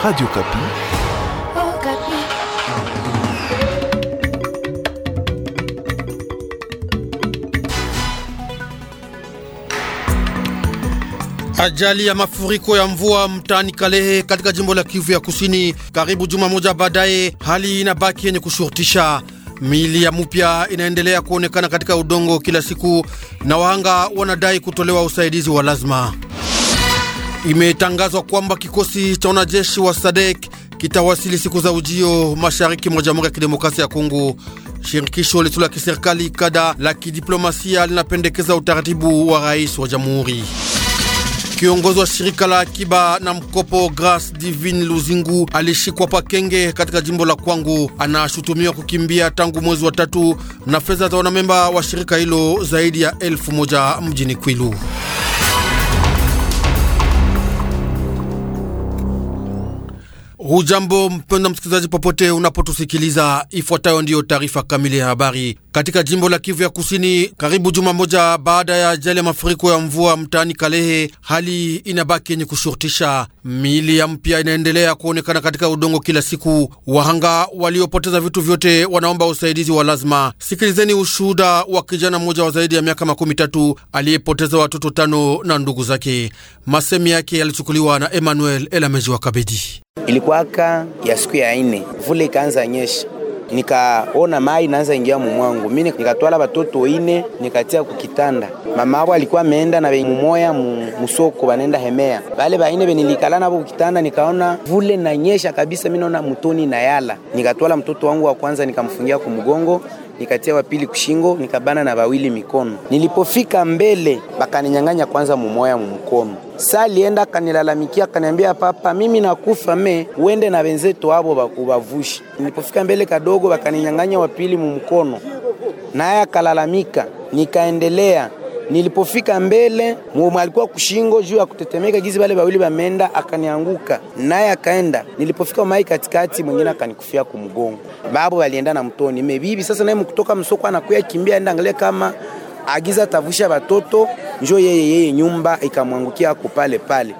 Radio Kapi. Oh, Kapi. Ajali ya mafuriko ya mvua mtaani Kalehe katika jimbo la Kivu ya Kusini. Karibu juma moja baadaye, hali inabaki yenye kushurutisha. Miili ya mupya inaendelea kuonekana katika udongo kila siku na wahanga wanadai kutolewa usaidizi wa lazima. Imetangazwa kwamba kikosi cha wanajeshi wa SADEK kitawasili siku za ujio mashariki mwa Jamhuri ya Kidemokrasia ya Kongo. Shirikisho lisilo la kiserikali kada la kidiplomasia linapendekeza utaratibu wa rais wa jamhuri. Kiongozi wa shirika la akiba na mkopo Grace Divine Luzingu alishikwa Pakenge katika jimbo la Kwangu. Anashutumiwa kukimbia tangu mwezi wa tatu na fedha za wanamemba wa shirika hilo zaidi ya elfu moja mjini Kwilu. Hujambo mpenda msikilizaji, popote unapotusikiliza, ifuatayo ndiyo taarifa kamili ya habari. Katika jimbo la Kivu ya Kusini, karibu juma moja baada ya ajali ya mafuriko ya mvua mtaani Kalehe, hali inabaki yenye kushurutisha. Miili ya mpya inaendelea kuonekana katika udongo kila siku. Wahanga waliopoteza vitu vyote wanaomba usaidizi wa lazima. Sikilizeni ushuhuda wa kijana mmoja wa zaidi ya miaka makumi tatu aliyepoteza watoto tano na ndugu zake. Masemi yake yalichukuliwa na Emmanuel Elameji wa Kabedi. Ilikuwaka ya siku ya ine, vule ikaanza nyesha, nikaona mai naanza ingia mumwangu. Mimi nikatwala batoto ine nikatia kukitanda. Mama wao alikuwa ameenda na mumoya musoko, banenda hemea. Bale baine benilikala nabo kukitanda, nikaona vule na nyesha kabisa. Mimi naona mutoni na yala, nikatwala mtoto wangu wa kwanza nikamfungia kumgongo nikatia wapili kushingo, nikabana na bawili mikono. Nilipofika mbele, bakaninyang'anya kwanza mumoya mumkono Sa alienda kanilalamikia, kaniambia papa, mimi nakufa me uende na wenzetu abo bakubavushi. Nilipofika mbele kadogo, bakaninyang'anya wa pili mumkono, naye akalalamika, nikaendelea Nilipofika mbele mume alikuwa kushingo juu ya kutetemeka gizi, bale bawili bamenda, akanianguka naye akaenda. Nilipofika mai katikati, mwingine akanikufia kumgongo, babu alienda na mtoni mebibi. Sasa naye mkutoka msoko anakuya kimbia, enda angalia kama agiza tavusha batoto njo yeye yeye nyumba ikamwangukia ako pale pale.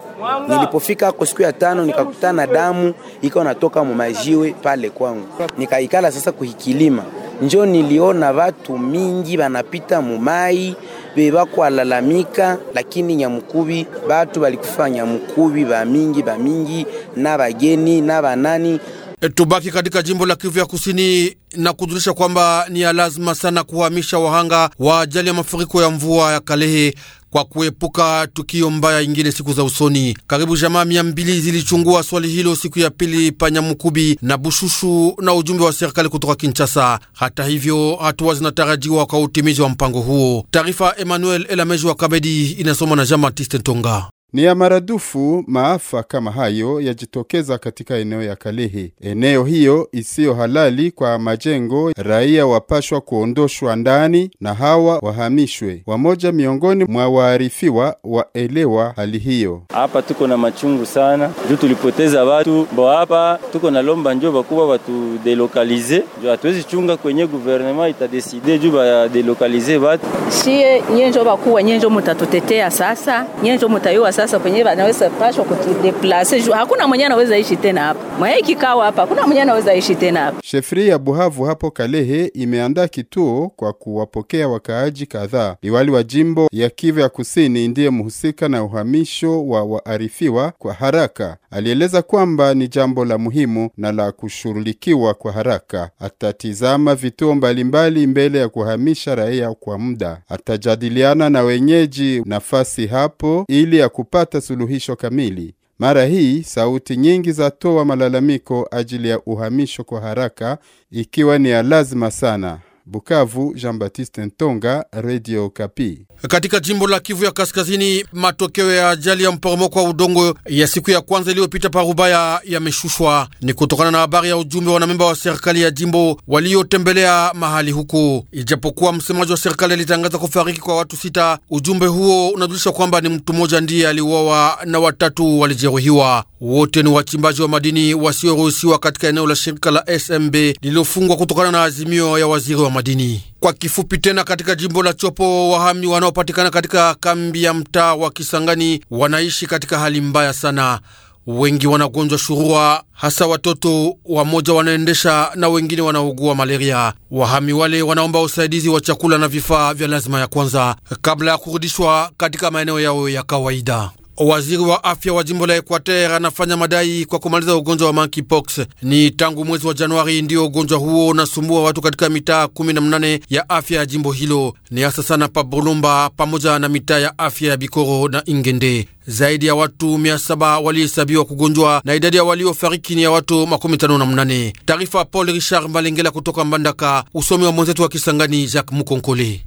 Nilipofika ako siku ya tano nikakutana damu iko natoka mumajiwe pale kwangu, nikaikala sasa kuhikilima, njo niliona watu mingi banapita mumai bebakwalalamika, lakini nyamukubi batu balikufa nyamukubi ba mingi ba mingi na bageni na banani Eh, tubaki katika jimbo la Kivu ya Kusini na kujulisha kwamba ni ya lazima sana kuhamisha wahanga wa ajali ya mafuriko ya mvua ya Kalehe kwa kuepuka tukio mbaya ingine siku za usoni. Karibu jamaa mia mbili zilichungua swali hilo siku ya pili Panyamukubi na Bushushu na ujumbe wa serikali kutoka Kinshasa. Hata hivyo, hatua zinatarajiwa kwa utimizi wa mpango huo. Taarifa Emmanuel Elameji wa Kabedi inasoma na Jean Baptiste Ntonga. Ni ya maradufu maafa kama hayo yajitokeza katika eneo ya Kalehe, eneo hiyo isiyo halali kwa majengo. Raia wapashwa kuondoshwa ndani na hawa wahamishwe. Wamoja miongoni mwa waarifiwa waelewa hali hiyo. Hapa tuko na machungu sana juu tulipoteza watu bo. Hapa tuko na lomba njo bakuwa watu delokalize juu hatuwezi chunga kwenye guvernema itadeside juu badelokalize watu. Sie nyenjo bakuwa nyenjo mutatutetea sasa, nyenjo mutayua sasa penyewe anaweza pashwa kutudeplase juu hakuna mwenye anaweza ishi tena hapa mwenye ikikawa hapa, hakuna mwenye anaweza ishi tena hapa. Shefri ya Buhavu hapo Kalehe imeandaa kituo kwa kuwapokea wakaaji kadhaa. Liwali wa jimbo ya Kivu ya Kusini ndiye mhusika na uhamisho wa waarifiwa kwa haraka. Alieleza kwamba ni jambo la muhimu na la kushughulikiwa kwa haraka. Atatizama vituo mbalimbali mbele ya kuhamisha raia kwa muda. Atajadiliana na wenyeji nafasi hapo ili ya kupata suluhisho kamili. Mara hii sauti nyingi za toa malalamiko ajili ya uhamisho kwa haraka, ikiwa ni ya lazima sana. Bukavu, Jean Baptiste Ntonga, Radio Kapi. Katika jimbo la Kivu ya Kaskazini, matokeo ya ajali ya mporomoko wa udongo ya siku ya kwanza iliyopita parubaya yameshushwa. Ni kutokana na habari ya ujumbe wanamemba wa serikali ya jimbo waliotembelea mahali huku. Ijapokuwa msemaji wa serikali alitangaza kufariki kwa watu sita, ujumbe huo unajulisha kwamba ni mtu mmoja ndiye aliuawa na watatu walijeruhiwa. Wote ni wachimbaji wa madini wasioruhusiwa katika eneo la shirika la SMB lililofungwa kutokana na azimio ya waziri wa madini. Kwa kifupi tena, katika jimbo la Chopo, wahami wanaopatikana katika kambi ya mtaa wa Kisangani wanaishi katika hali mbaya sana. Wengi wanagonjwa shurua, hasa watoto wamoja wanaendesha na wengine wanaugua malaria. Wahami wale wanaomba usaidizi wa chakula na vifaa vya lazima ya kwanza kabla ya kurudishwa katika maeneo yao ya kawaida. Waziri wa afya wa jimbo la Equateur anafanya madai kwa kumaliza ugonjwa wa monkeypox. Ni tangu mwezi wa Januari ndiyo ugonjwa huo unasumbua watu katika mitaa 18 ya afya ya jimbo hilo, ni hasa sana pa Bulumba pamoja na mitaa ya afya ya Bikoro na Ingende. Zaidi ya watu saba walihesabiwa kugonjwa na idadi ya waliofariki ni ya watu makumi tano na mnane. Taarifa Paul Richard Malengela kutoka Mbandaka, usomi wa mwenzetu wa Kisangani Jacques Mukonkole.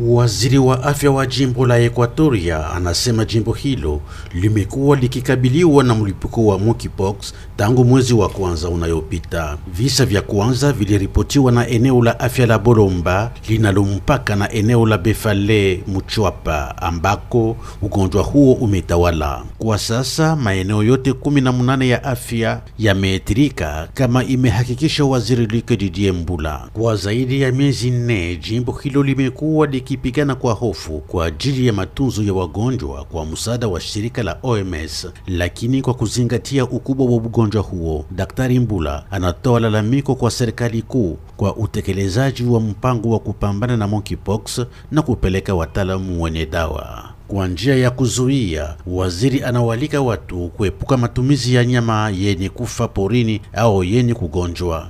Waziri wa afya wa jimbo la Ekwatoria anasema jimbo hilo limekuwa likikabiliwa na mlipuko wa monkeypox Tangu mwezi wa kwanza unayopita visa vya kwanza viliripotiwa na eneo la afya la Bolomba linalompaka na eneo la Befale Muchwapa, ambako ugonjwa huo umetawala kwa sasa. Maeneo yote 18 ya afya yameathirika, kama imehakikisha waziri Luke Didier Mbula. Kwa zaidi ya miezi nne, jimbo hilo limekuwa likipigana kwa hofu kwa ajili ya matunzo ya wagonjwa kwa msaada wa shirika la OMS, lakini kwa kuzingatia ukubwa wa ugonjwa huo, Daktari Mbula anatoa lalamiko kwa serikali kuu kwa utekelezaji wa mpango wa kupambana na monkeypox na kupeleka wataalamu wenye dawa kwa njia ya kuzuia. Waziri anawalika watu kuepuka matumizi ya nyama yenye kufa porini au yenye kugonjwa.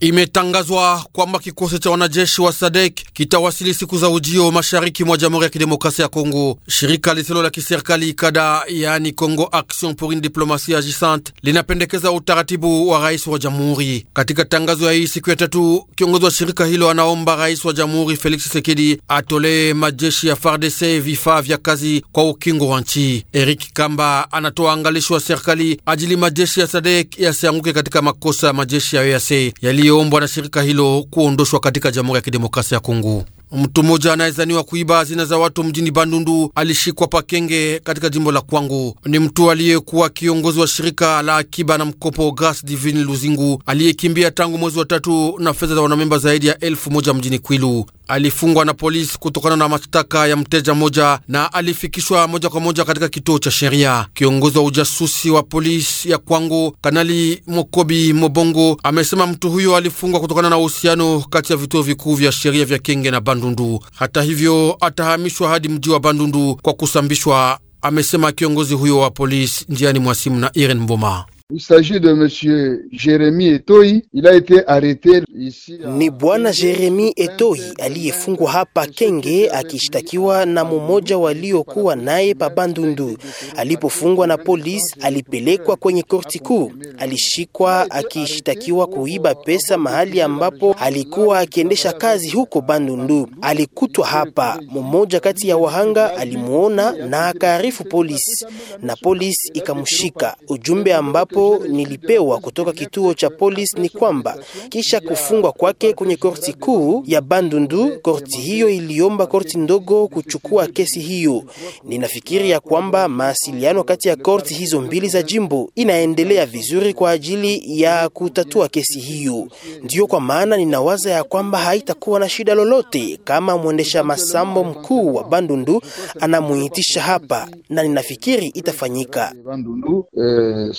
Imetangazwa kwamba kikosi cha wanajeshi wa SADEK kitawasili siku za ujio mashariki mwa Jamhuri ya Kidemokrasia ya Kongo. Shirika lisilo la kiserikali kada, yaani Congo Action pour une Diplomatie Agissante, linapendekeza utaratibu wa rais wa jamhuri. Katika tangazo ya hii siku ya tatu, kiongozi wa shirika hilo anaomba rais wa jamhuri Felix Tshisekedi atolee majeshi ya FARDC vifaa vya kazi kwa ukingo wa nchi. Eric Kamba anatoa angalisho wa serikali ajili majeshi ya SADEK yasianguke katika makosa ya majeshi ya EAC yali aliyeombwa na shirika hilo kuondoshwa katika Jamhuri ya Kidemokrasia ya Kongo. Mtu mmoja anayezaniwa kuiba hazina za watu mjini Bandundu alishikwa Pakenge katika jimbo la Kwangu. Ni mtu aliyekuwa kiongozi wa shirika la akiba na mkopo gas Divin Luzingu aliyekimbia tangu mwezi wa tatu na fedha za wanamemba zaidi ya elfu moja mjini Kwilu alifungwa na polisi kutokana na mashtaka ya mteja moja na alifikishwa moja kwa moja katika kituo cha sheria. Kiongozi wa ujasusi wa polisi ya Kwangu, Kanali Mokobi Mobongo, amesema mtu huyo alifungwa kutokana na uhusiano kati ya vituo vikuu vya sheria vya Kenge na Bandundu. Hata hivyo, atahamishwa hadi mji wa Bandundu kwa kusambishwa, amesema kiongozi huyo wa polisi njiani mwa simu na Irene Mboma. Il s'agit de Monsieur Jeremy Etoi. Il a été arrêté ici. Ni bwana Jeremy Etoi aliyefungwa hapa Kenge akishtakiwa na mmoja waliokuwa naye pa bandundu Alipofungwa na polisi, alipelekwa kwenye korti kuu, alishikwa akishtakiwa kuiba pesa mahali ambapo alikuwa akiendesha kazi huko Bandundu. Alikutwa hapa, mmoja kati ya wahanga alimuona na akaarifu polisi na polisi ikamshika. Ujumbe ambapo ambapo nilipewa kutoka kituo cha polisi ni kwamba kisha kufungwa kwake kwenye korti kuu ya Bandundu, korti hiyo iliomba korti ndogo kuchukua kesi hiyo. Ninafikiri ya kwamba mawasiliano kati ya korti hizo mbili za jimbo inaendelea vizuri kwa ajili ya kutatua kesi hiyo. Ndiyo kwa maana ninawaza ya kwamba haitakuwa na shida lolote kama mwendesha masambo mkuu wa Bandundu anamuitisha hapa, na ninafikiri itafanyika. Eh,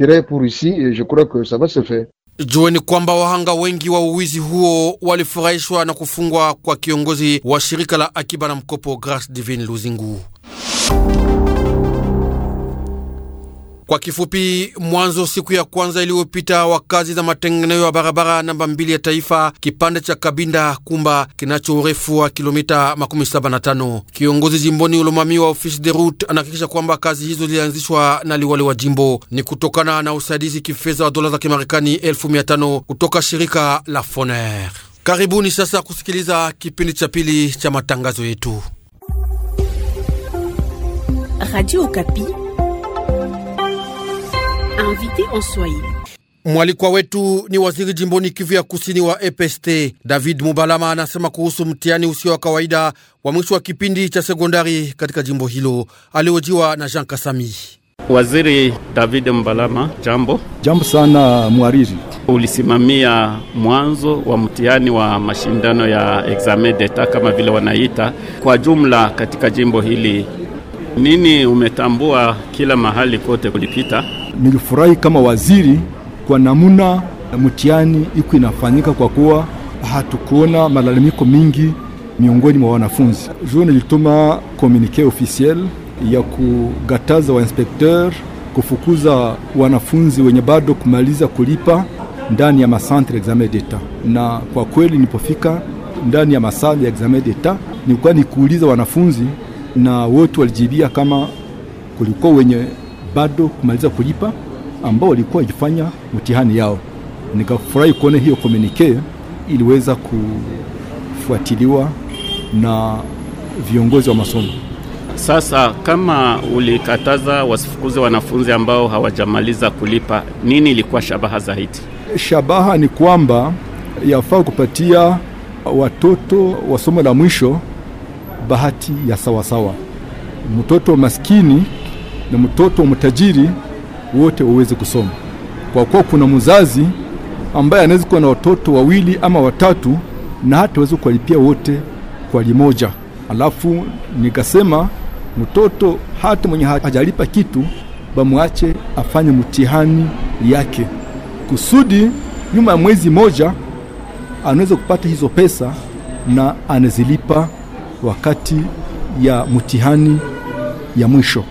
interet pour ici et je crois que ça va se faire. Jueni kwamba wahanga wengi wa uwizi huo walifurahishwa na kufungwa kwa kiongozi wa shirika la akiba na mkopo Grace Divine Luzingu. Kwa kifupi, mwanzo siku ya kwanza iliyopita wa kazi za matengenezo ya barabara namba mbili ya taifa kipande cha Kabinda Kumba kinacho urefu wa kilomita 75 Kiongozi jimboni Ulomami wa ofisi de route anahakikisha kwamba kazi hizo zilianzishwa na liwali wa jimbo ni kutokana na usaidizi kifedha wa dola za Kimarekani 1500 kutoka shirika la Foner. Karibuni sasa kusikiliza kipindi cha pili cha matangazo yetu Radio Kapi invité en Swahili. Mwalikwa wetu ni waziri jimboni Kivu ya kusini wa EPST David Mubalama anasema kuhusu mtihani usio wa kawaida wa mwisho wa kipindi cha sekondari katika jimbo hilo. Aliojiwa na Jean Kasami. Waziri David Mbalama, jambo. Jambo sana mwariri. Ulisimamia mwanzo wa mtihani wa mashindano ya examen d'etat kama vile wanaita kwa jumla katika jimbo hili, nini umetambua kila mahali kote kulipita nilifurahi kama waziri kwa namuna mtihani iko inafanyika, kwa kuwa hatukuona malalamiko mingi miongoni mwa wanafunzi. Juu nilituma komunike officiel ya kugataza wainspekteur kufukuza wanafunzi wenye bado kumaliza kulipa ndani ya masantre examen d'etat, na kwa kweli nilipofika ndani ya masali ya examen d'etat nilikuwa nikuuliza wanafunzi na wote walijibia kama kulikuwa wenye bado kumaliza kulipa ambao walikuwa wakifanya mtihani yao. Nikafurahi kuona hiyo komunike iliweza kufuatiliwa na viongozi wa masomo. Sasa kama ulikataza wasifukuze wanafunzi ambao hawajamaliza kulipa, nini ilikuwa shabaha zaidi? Shabaha ni kwamba yafaa kupatia watoto wa somo la mwisho bahati ya sawasawa. Mtoto maskini na mtoto wa mtajiri wote waweze kusoma, kwa kuwa kuna mzazi ambaye anaweza kuwa na watoto wawili ama watatu na hata aweze kuwalipia wote kwa limoja. Alafu nikasema mtoto hata mwenye hajalipa kitu bamwache afanye mtihani yake, kusudi nyuma ya mwezi moja anaweza kupata hizo pesa na anazilipa wakati ya mtihani ya mwisho.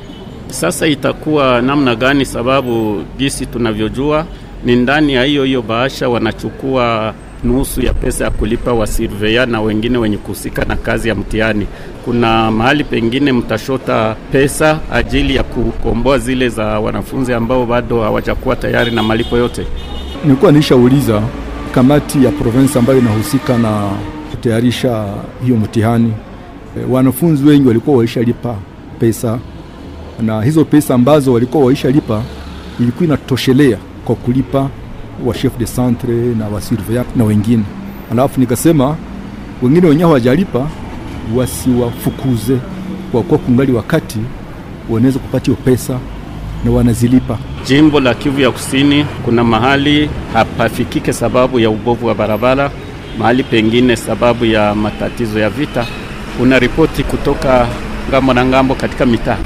Sasa itakuwa namna gani? Sababu jinsi tunavyojua ni ndani ya hiyo hiyo bahasha wanachukua nusu ya pesa ya kulipa wasurveya na wengine wenye kuhusika na kazi ya mtihani. Kuna mahali pengine mtashota pesa ajili ya kukomboa zile za wanafunzi ambao bado hawajakuwa tayari na malipo yote. Nilikuwa nishauliza kamati ya provensi ambayo inahusika na kutayarisha hiyo mtihani, eh, wanafunzi wengi walikuwa waishalipa pesa na hizo pesa ambazo walikuwa waishalipa ilikuwa inatoshelea kwa kulipa wa chef de centre na wa surveillant na wengine. Alafu nikasema wengine wenye hawajalipa wasiwafukuze, kwa kuwa kungali wakati wanaweza kupata hiyo pesa na wanazilipa. Jimbo la Kivu ya Kusini kuna mahali hapafikike sababu ya ubovu wa barabara, mahali pengine sababu ya matatizo ya vita. Kuna ripoti kutoka ngambo na ngambo katika mitaa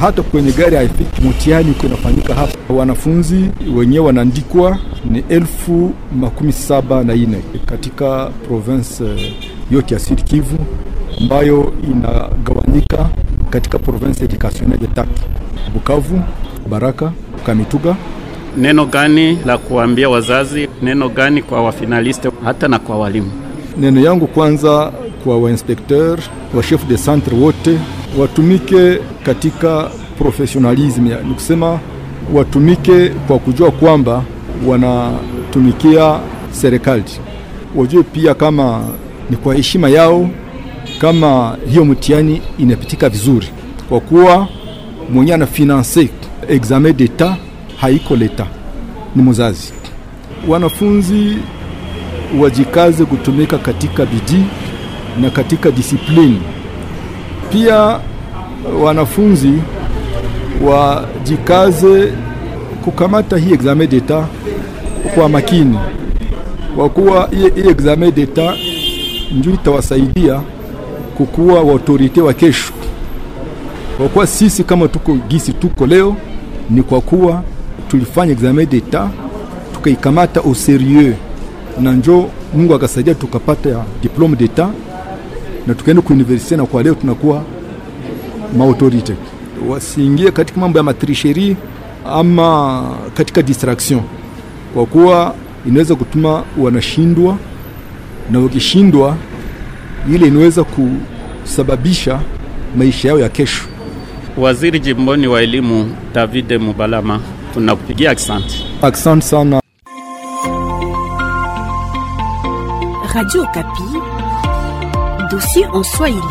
hata kwenye gari haifiki. Mtihani uko inafanyika hapa, wanafunzi wenyewe wanaandikwa ni elfu makumi saba na nne katika province eh, yote ya Sud Kivu ambayo inagawanyika katika province educationnelle tatu: Bukavu, Baraka, Kamituga. Neno gani la kuambia wazazi? Neno gani kwa wafinaliste hata na kwa walimu? Neno yangu kwanza kwa wainspekteur wa chef de centre wote watumike katika professionalism, ni kusema watumike kwa kujua kwamba wanatumikia serikali, wajue pia kama ni kwa heshima yao, kama hiyo mtihani inapitika vizuri, kwa kuwa mwenye ana finance examen d'etat haiko leta, ni mzazi. Wanafunzi wajikaze kutumika katika bidii na katika discipline pia wanafunzi wajikaze kukamata hii examen d'etat kwa makini, kwa kuwa hii examen d'etat ndio itawasaidia kukuwa waautorite wa kesho. Kwa kuwa sisi kama tuko gisi tuko leo ni kwa kuwa tulifanya examen d'etat tukaikamata au serieux, na njo Mungu akasaidia tukapata diplome d'etat na tukaenda kuuniversite na kwa leo tunakuwa maautorite wasiingie katika mambo ya matrisheri ama katika distraction, kwa kuwa inaweza kutuma wanashindwa, na wakishindwa, ile inaweza kusababisha maisha yao ya kesho. Waziri jimboni wa elimu Davide Mubalama, tunakupigia asante. Asante sana. Radio Kapi, dossier en Swahili.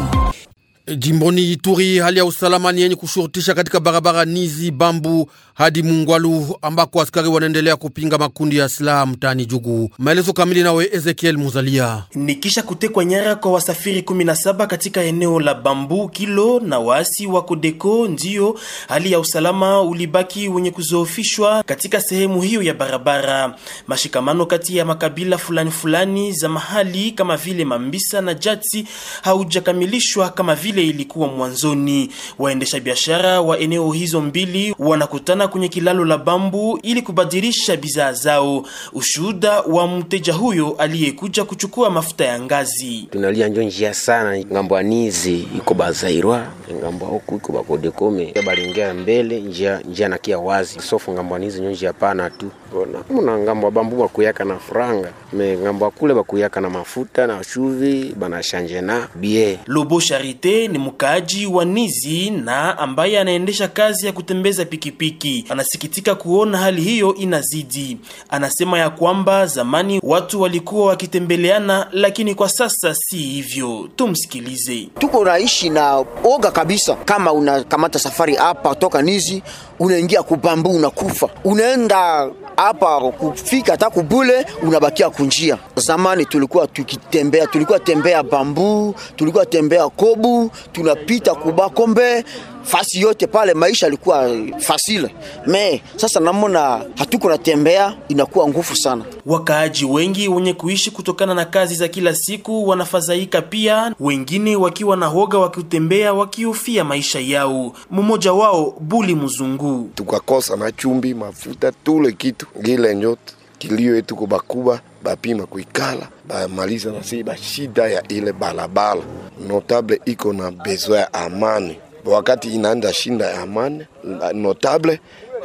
Jimboni Ituri hali ya usalama ni yenye kushurutisha katika barabara Nizi Bambu hadi Mungwalu ambako askari wanaendelea kupinga makundi ya silaha mtaani Jugu. Maelezo kamili nawe Ezekiel Muzalia. Ni kisha kutekwa nyara kwa wasafiri 17 katika eneo la Bambu Kilo na waasi wa Kodeko, ndiyo hali ya usalama ulibaki wenye kuzoofishwa katika sehemu hiyo ya barabara. Mashikamano kati ya makabila fulani fulani za mahali kama vile Mambisa na Jatsi haujakamilishwa kama vile vile ilikuwa mwanzoni. Waendesha biashara wa eneo hizo mbili wanakutana kwenye kilalo la Bambu ili kubadilisha bidhaa zao. Ushuhuda wa mteja huyo aliyekuja kuchukua mafuta ya ngazi: tunalia njo njia sana ngambo anizi iko bazairwa ngambo huku iko bakodekome balingea mbele njia njia nakia wazi sofu ngambo anizi njo njia pana tu bona muna ngambo bambu wakuyaka na furanga me ngambo akule bakuyaka na mafuta na shuvi banashanje na bie. Lobo Charite ni mkaaji wa Nizi na ambaye anaendesha kazi ya kutembeza pikipiki. Anasikitika kuona hali hiyo inazidi. Anasema ya kwamba zamani watu walikuwa wakitembeleana, lakini kwa sasa si hivyo. Tumsikilize. Tuko naishi na oga kabisa, kama unakamata safari hapa toka Nizi unaingia Kubambu unakufa, unaenda hapa kufika hata kubule unabakia kunjia. Zamani tulikuwa tukitembea, tulikuwa tembea bambu, tulikuwa tembea kobu, tunapita kubakombe fasi yote pale, maisha alikuwa fasile me, sasa namona hatuko natembea, inakuwa nguvu sana. Wakaaji wengi wenye kuishi kutokana na kazi za kila siku wanafadhaika pia, wengine wakiwa na hoga wakitembea, wakihofia maisha yao. Mmoja wao Buli Mzungu: tukakosa na chumbi, mafuta, tule kitu gile nyote kilio yetu ko bakuba bapima kuikala bamaliza na bashida ya ile balabala. Notable iko na besoin ya amani wakati inaanza shinda ya amani notable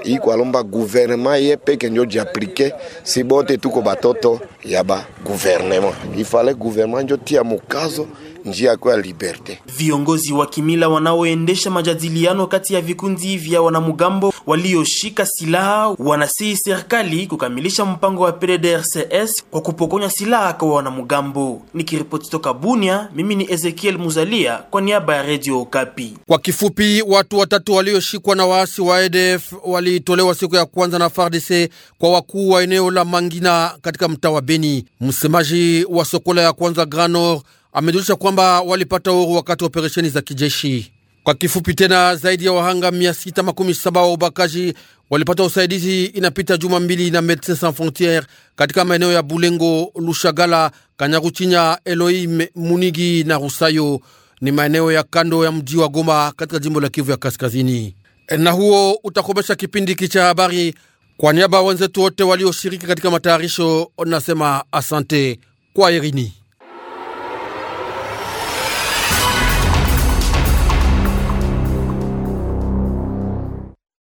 ikwalomba guvernema ye peke njo jiaplike si bote tuko batoto ya ba guvernema ifale guvernema njo tia mukazo njia kwa liberte. Viongozi wa kimila wanaoendesha majadiliano kati ya vikundi vya wanamugambo walioshika silaha wanasihi serikali kukamilisha mpango wa PDDRCS kwa kupokonya silaha kwa wanamugambo Nikiripoti toka Bunia, mimi ni Ezekiel Muzalia kwa niaba ya Radio Okapi. Kwa kifupi, watu watatu walioshikwa na waasi wa ADF walitolewa siku ya kwanza na FARDC kwa wakuu wa eneo la Mangina katika mtaa wa Beni. Msemaji wa Sokola ya kwanza Granor amejulisha kwamba walipata uhuru wakati wa operesheni za kijeshi. Kwa kifupi tena, zaidi ya wahanga 617 wa ubakaji walipata usaidizi inapita juma mbili na Medecins Sans Frontieres katika maeneo ya Bulengo, Lushagala, Kanyaruchinya, Elohim, Munigi na Rusayo. Ni maeneo ya kando ya mji wa Goma katika jimbo la Kivu ya Kaskazini. Na huo utakomesha kipindi hiki cha habari. Kwa niaba wenzetu wote walioshiriki katika matayarisho, nasema asante kwa Irini.